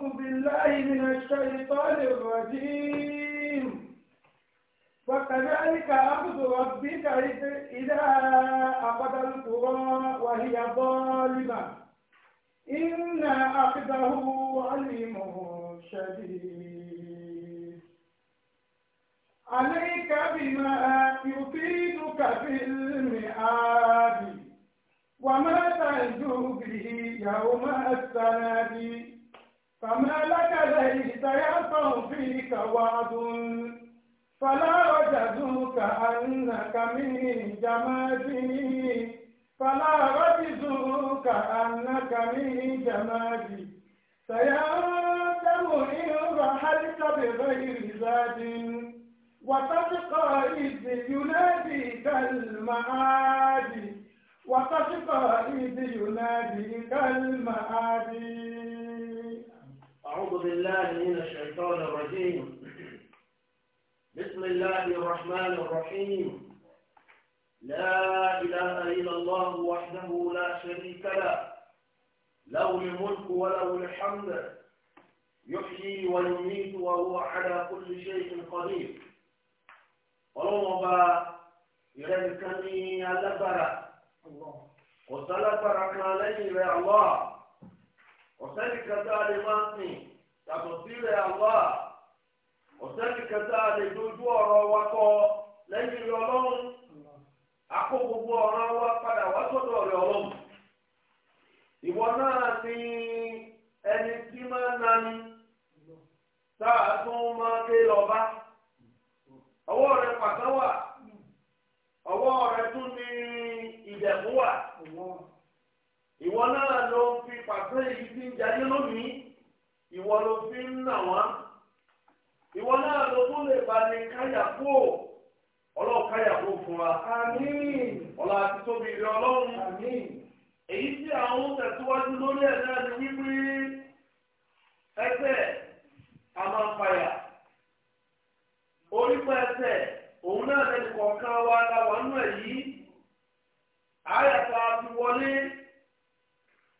أعوذ بالله من الشيطان الرجيم وكذلك أخذ ربك إذا أخذ القرى وهي ظالمة إن أخذه عليم شديد عليك بما يفيدك في المعاد وما تنجو به يوم السنادي فما لك ليس يقع فيك وعد فلا وجدوك أنك من جمادي فلا وجدوك أنك من جمادي سيأتم إن رحلت بغير زاد وتشقى إذ يناديك المعادي وتشقى إذ يناديك المعادي أعوذ بالله من الشيطان الرجيم بسم الله الرحمن الرحيم لا إله إلا الله وحده لا شريك له له الملك وله الحمد يحيي ويميت وهو على كل شيء قدير ọlọ́wọ́n bá ìrẹ́ nìkan ní alágbára kò sálágbára kan lẹ́yìn rẹ̀ Allah. ọ̀sẹ́ni kẹta lè máa ń sìn yàtọ̀ sílẹ̀ Allah ọ̀sẹ́ni kẹta lè dojú ọ̀rọ̀ wa kọ lẹ́yìn rẹ̀ ọlọ́run akó gbogbo ọ̀rọ̀ wa padà wá sọ́dọ̀ ọlọ́run ìwọ náà ni ẹni tí máa ń nani táà máa ké ọwọ́ pàtó wà ọwọ́ tún ní wà ìwọ náà ló ń fi. pàṣẹ èyí tí ń jayé lónìí ìwọ ló fi ń nà wọ́n ìwọ náà ló lè ní káyà kú fún wa. àmín àti tóbi ọlọ́run. èyí tí àwọn tẹ̀síwájú lórí ẹ̀ náà ni wípé ẹsẹ̀ a máa ń fàyà orípa ẹsẹ̀ òun náà lẹ́nu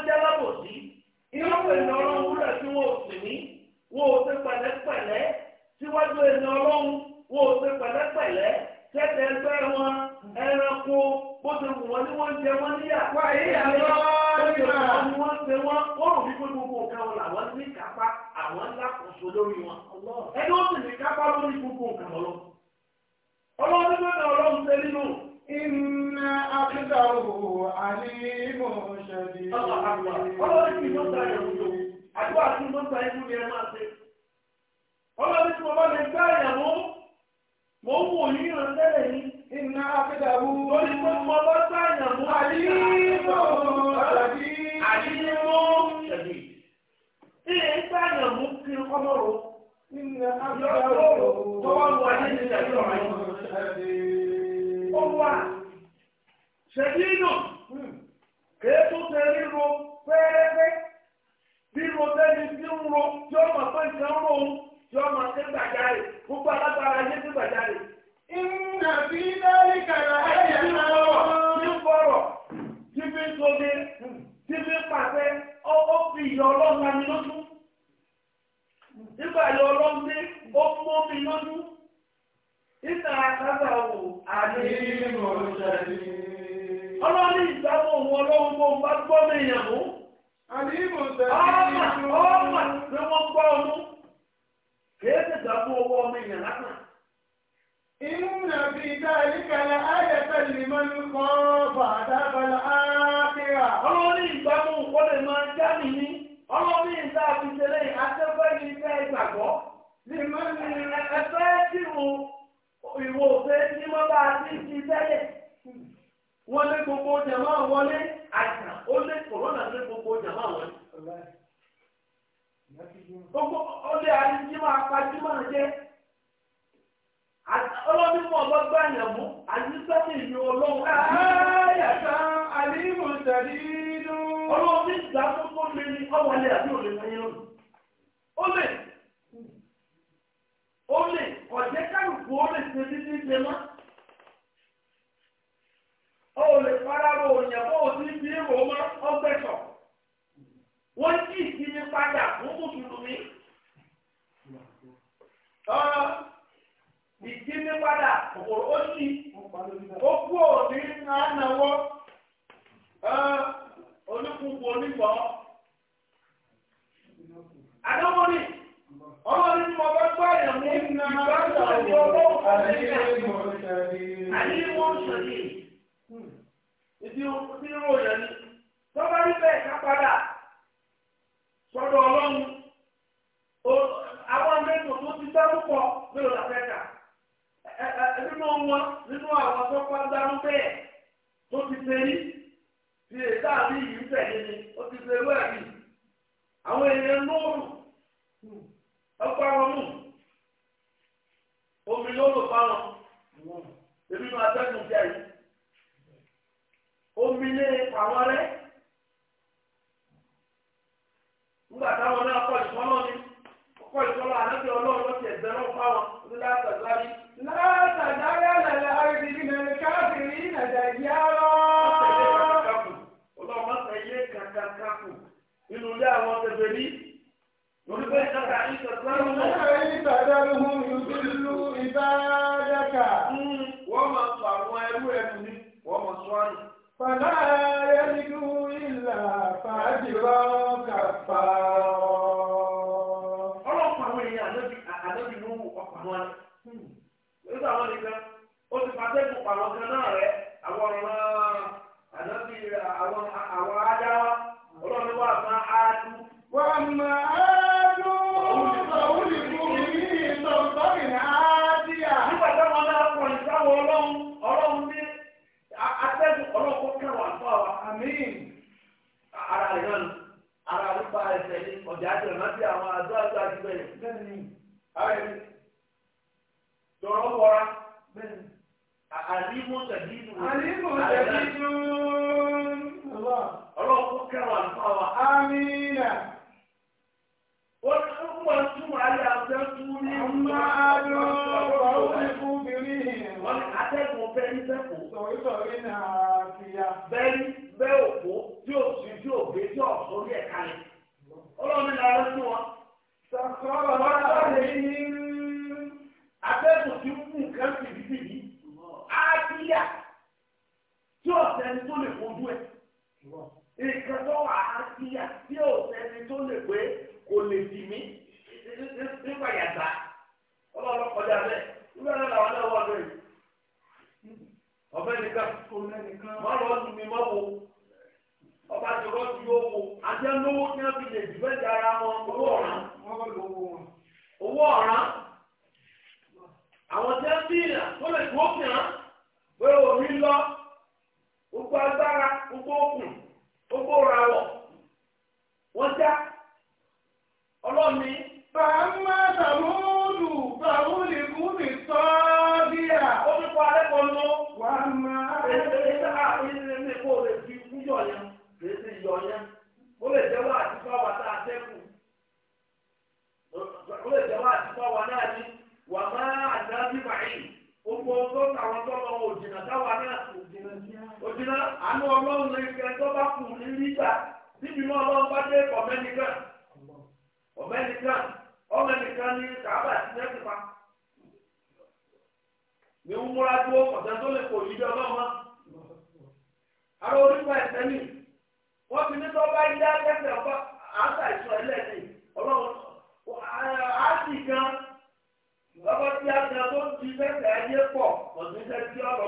wọ́n jẹ́ alábòsí irú ènìyàn ọlọ́run wúlò tí wọ́n ò sì ní wọ́n ò ṣe pẹ̀lẹ́pẹ̀lẹ́ síwájú ènìyàn ọlọ́run wọ́n ò ṣe pẹ̀lẹ́pẹ̀lẹ́ tẹ́tẹ́ ẹgbẹ́ wọn ẹranko bó ṣe wù wọ́n ní wọ́n jẹ wọ́n níyà. wà á yí àlọ́ nígbà tí wọ́n ṣe wọ́n ó rò wípé gbogbo nǹkan wọn làwọn ní kápá àwọn ńlá kò àdúrà ọlọ́run kì í mọ́ sáyẹn wúlò àdúrà kì í mọ́ sáyẹn wúlò ẹ máa ṣe. ọlọ́run tí mo bá lè gbá ìyàwó mo ń wò ní ìrànlẹ́lẹ̀ yìí. ìnà àfẹ́dàbù ya mo gbà fún owó ọmọ èèyàn lásán. Inna fi dhalika la ayatan liman khafa adhabal akhirah. Ọlọ́run ìgbàmú kọ́lé máa já mi ní. Ọlọ́run ìgbà fi tẹ̀lé àtẹ́fẹ́ ní ìfẹ́ ìgbàgbọ́. Liman ẹ̀fẹ́ tí mo ìwò òfé tí wọ́n bá ti ti tẹ́lẹ̀. Wọ́n lé hmm. gbogbo jẹ̀mọ́ wọlé àjà ó l Ole lé àdìjímọ̀ apájímọ̀ jẹ́ ọlọ́bí mọ̀ lọ́gbà ìyàmú àdìsẹ́kì ìlú ọlọ́run. ayàtà àlímù sàdínú. ọlọ́bí ìgbà tó kó lé ní ọwọ́lé àbí òlé fún yín lónìí. ó kálukú ṣe títí ṣe jí ìsinmi padà ìdí ní padà kòkòrò ó sì ó òní náà náwó oníkùnkùn onígbọ́. Àdánwòrì ọlọ́run mo bá gbọ́ ẹ̀yàn mú ìgbà ìgbà ọlọ́run kàlẹ́ ìgbà àyè wọn sọ̀rí. Ìdí ìròyìn ni tọ́ba padà sọ́dọ̀ ọlọ́run. wọn nínú àwọn tó kọ́ dárú bẹ́ẹ̀ tó ti ṣe rí ti èdè àbí yìí tẹ̀lé ni ó ti ṣe wẹ́ẹ̀ rí àwọn èèyàn lóòrù ọgbà wọn mú omi lóòrù fáwọn èmi máa tẹ́kùn jẹ́ yìí omi lé àwọn rẹ̀ nígbà táwọn náà kọ́ ìfọ́nà ni kọ́ ìfọ́nà àlejò ọlọ́run lọ́sẹ̀ ẹ̀gbẹ́ náà fáwọn onílẹ̀ àtàgbárí. kẹwàá fún àwọn amín ara rẹ̀ náà ara nípa ẹsẹ̀ ní ọ̀jà àti ọ̀nà tí àwọn àdó àti àti bẹ̀rẹ̀ bẹ́ẹ̀ ni ara ẹni tọ̀rọ̀ wọra bẹ́ẹ̀ ni àlímú tẹ̀bí nù. àlímú tẹ̀bí nù. ọlọ́run kẹwàá fún àwọn amín náà wọ́n wọ́n tún ayé abẹ́ tún ní. ọmọ àlọ́ ọ̀rọ̀ òkú obìnrin. wọ́n ní atẹ́gùn bẹ́ẹ̀ ní sẹ́kù. sọ̀rí sọ̀rí náà bẹ́ẹ̀ni bẹ́ẹ̀ òpó tí ò sí tí ò gbé tí ò sórí ẹ̀ka rẹ̀ ọlọ́run ní ara sí wọn. sọ̀rọ̀ wọn lọ́dẹ yìí atẹ́gùn tí kù nǹkan sì bí bìbí á kíyà tí ò sẹ́ni tó lè fojú ẹ̀ ìkẹ́tọ́ wà á kíyà tí ò sẹ́ni tó lè pé kò lè dì mí. wọ́n lọ ju mi ọba jọ̀rọ̀ ju yóò wo àti ẹnlówó ní abilẹ̀ ìdìbẹ́ di ara wọn owó ọ̀ràn owó ọ̀ràn àwọn jẹ ń tó lè tó tó tàwọn tó lọ òjìnà táwa náà òjìnà àánú ọlọ́run lè fẹ́ tó bá kù ní nígbà níbi náà ọlọ́run bá dé ọ̀mẹ́nìkan ọ̀mẹ́nìkan ọ̀mẹ́nìkan ní kàábà mi ń múra tó ọ̀sẹ̀ tó lè kò yí bí ọlọ́run mọ́. onípa ẹ̀sẹ̀ mi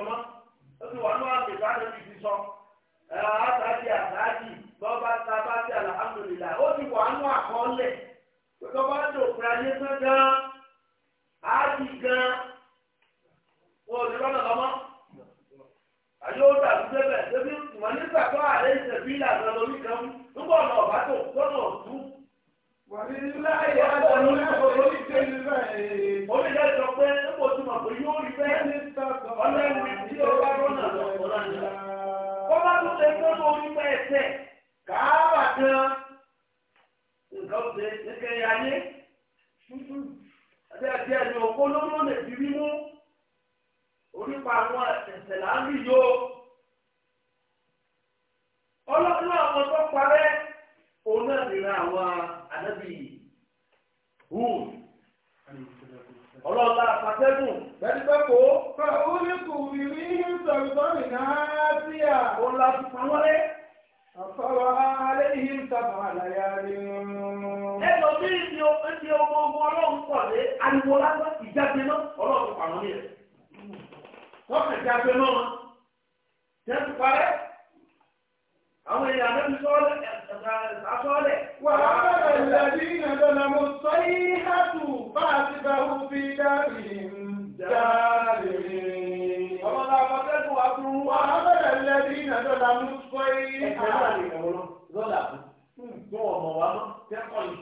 mọ́ ó ti wà ní àgbè ti fi sọ àtàkì àtàkì bọ́ba tábàtì àlàhàmdùlìlà ó ti wà ní àkọọ́lẹ̀ pé bọ́ba dòkúra yé tán gan gan wọn ò ní lọ́mọ́ àyè ó dàbí débi nígbà tó ìṣẹ̀bí lórí kan tó Oníjà sọ pé ẹ̀kọ́ tó máa pè yóò rí bẹ́ẹ̀. Ọlọ́run tí ó bá rọ́nà lọ́pọ̀ lánàá. Kọ́lá tó lè tó lọ orí bẹ́ẹ̀ tẹ̀. Kàábà gan. Nǹkan ṣe ẹ̀kẹ́ ya yé. Àti àti ẹ̀yìn òkú ló ló lè fi rí mú. Orí pa àwọn ẹ̀sẹ̀ láńbí yóò. hùn ọlọ́ọ̀ta àtàtẹ́gùn pẹ́ẹ́dípẹ́kọ́. ó ní kò wí rí sọ̀rọ̀sọ̀rọ̀ náà sí à. ó ń la ti pa wọ́n lé. àfọwọ́ alẹ́ yìí ń sábà àlàyé rí. ẹ̀sọ́ bí ìdí ẹ̀dí ọmọ ogun ọlọ́run pọ̀ lé ariwo lásán ìjáde náà ọlọ́run pàrọ̀ ní rẹ̀. wọ́n kàn jáde náà. jẹ́ ti parẹ́ àwọn èèyàn àbẹ́bí sọ́ọ́lẹ̀ àsọ́ọ́lẹ̀. wà á bẹ̀rẹ̀ ìlàjì ìrìnàjọ̀nà mo sọ yìí hàtù bá a ti bá wù fi dáàbì dáàbì. ọmọdé akọ́kẹ́kọ̀ọ́ wa tún. wà á bẹ̀rẹ̀ ìlàjì ìrìnàjọ̀nà mo sọ yìí hàtù. ẹ̀ka náà lè kàwé lọ lọ́dà fún. fún ìgbọ́ ọmọ wa mọ́ kẹ́kọ̀ọ́ yìí.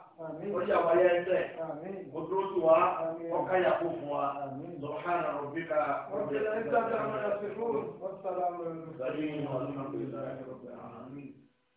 ọjà wáyé ẹsẹ̀ ọdúró tí wá ọkà yàgò fún wa lọ́hánà rọ̀bíkà rọ̀bíkà. ọ̀sẹ̀ ẹ̀ka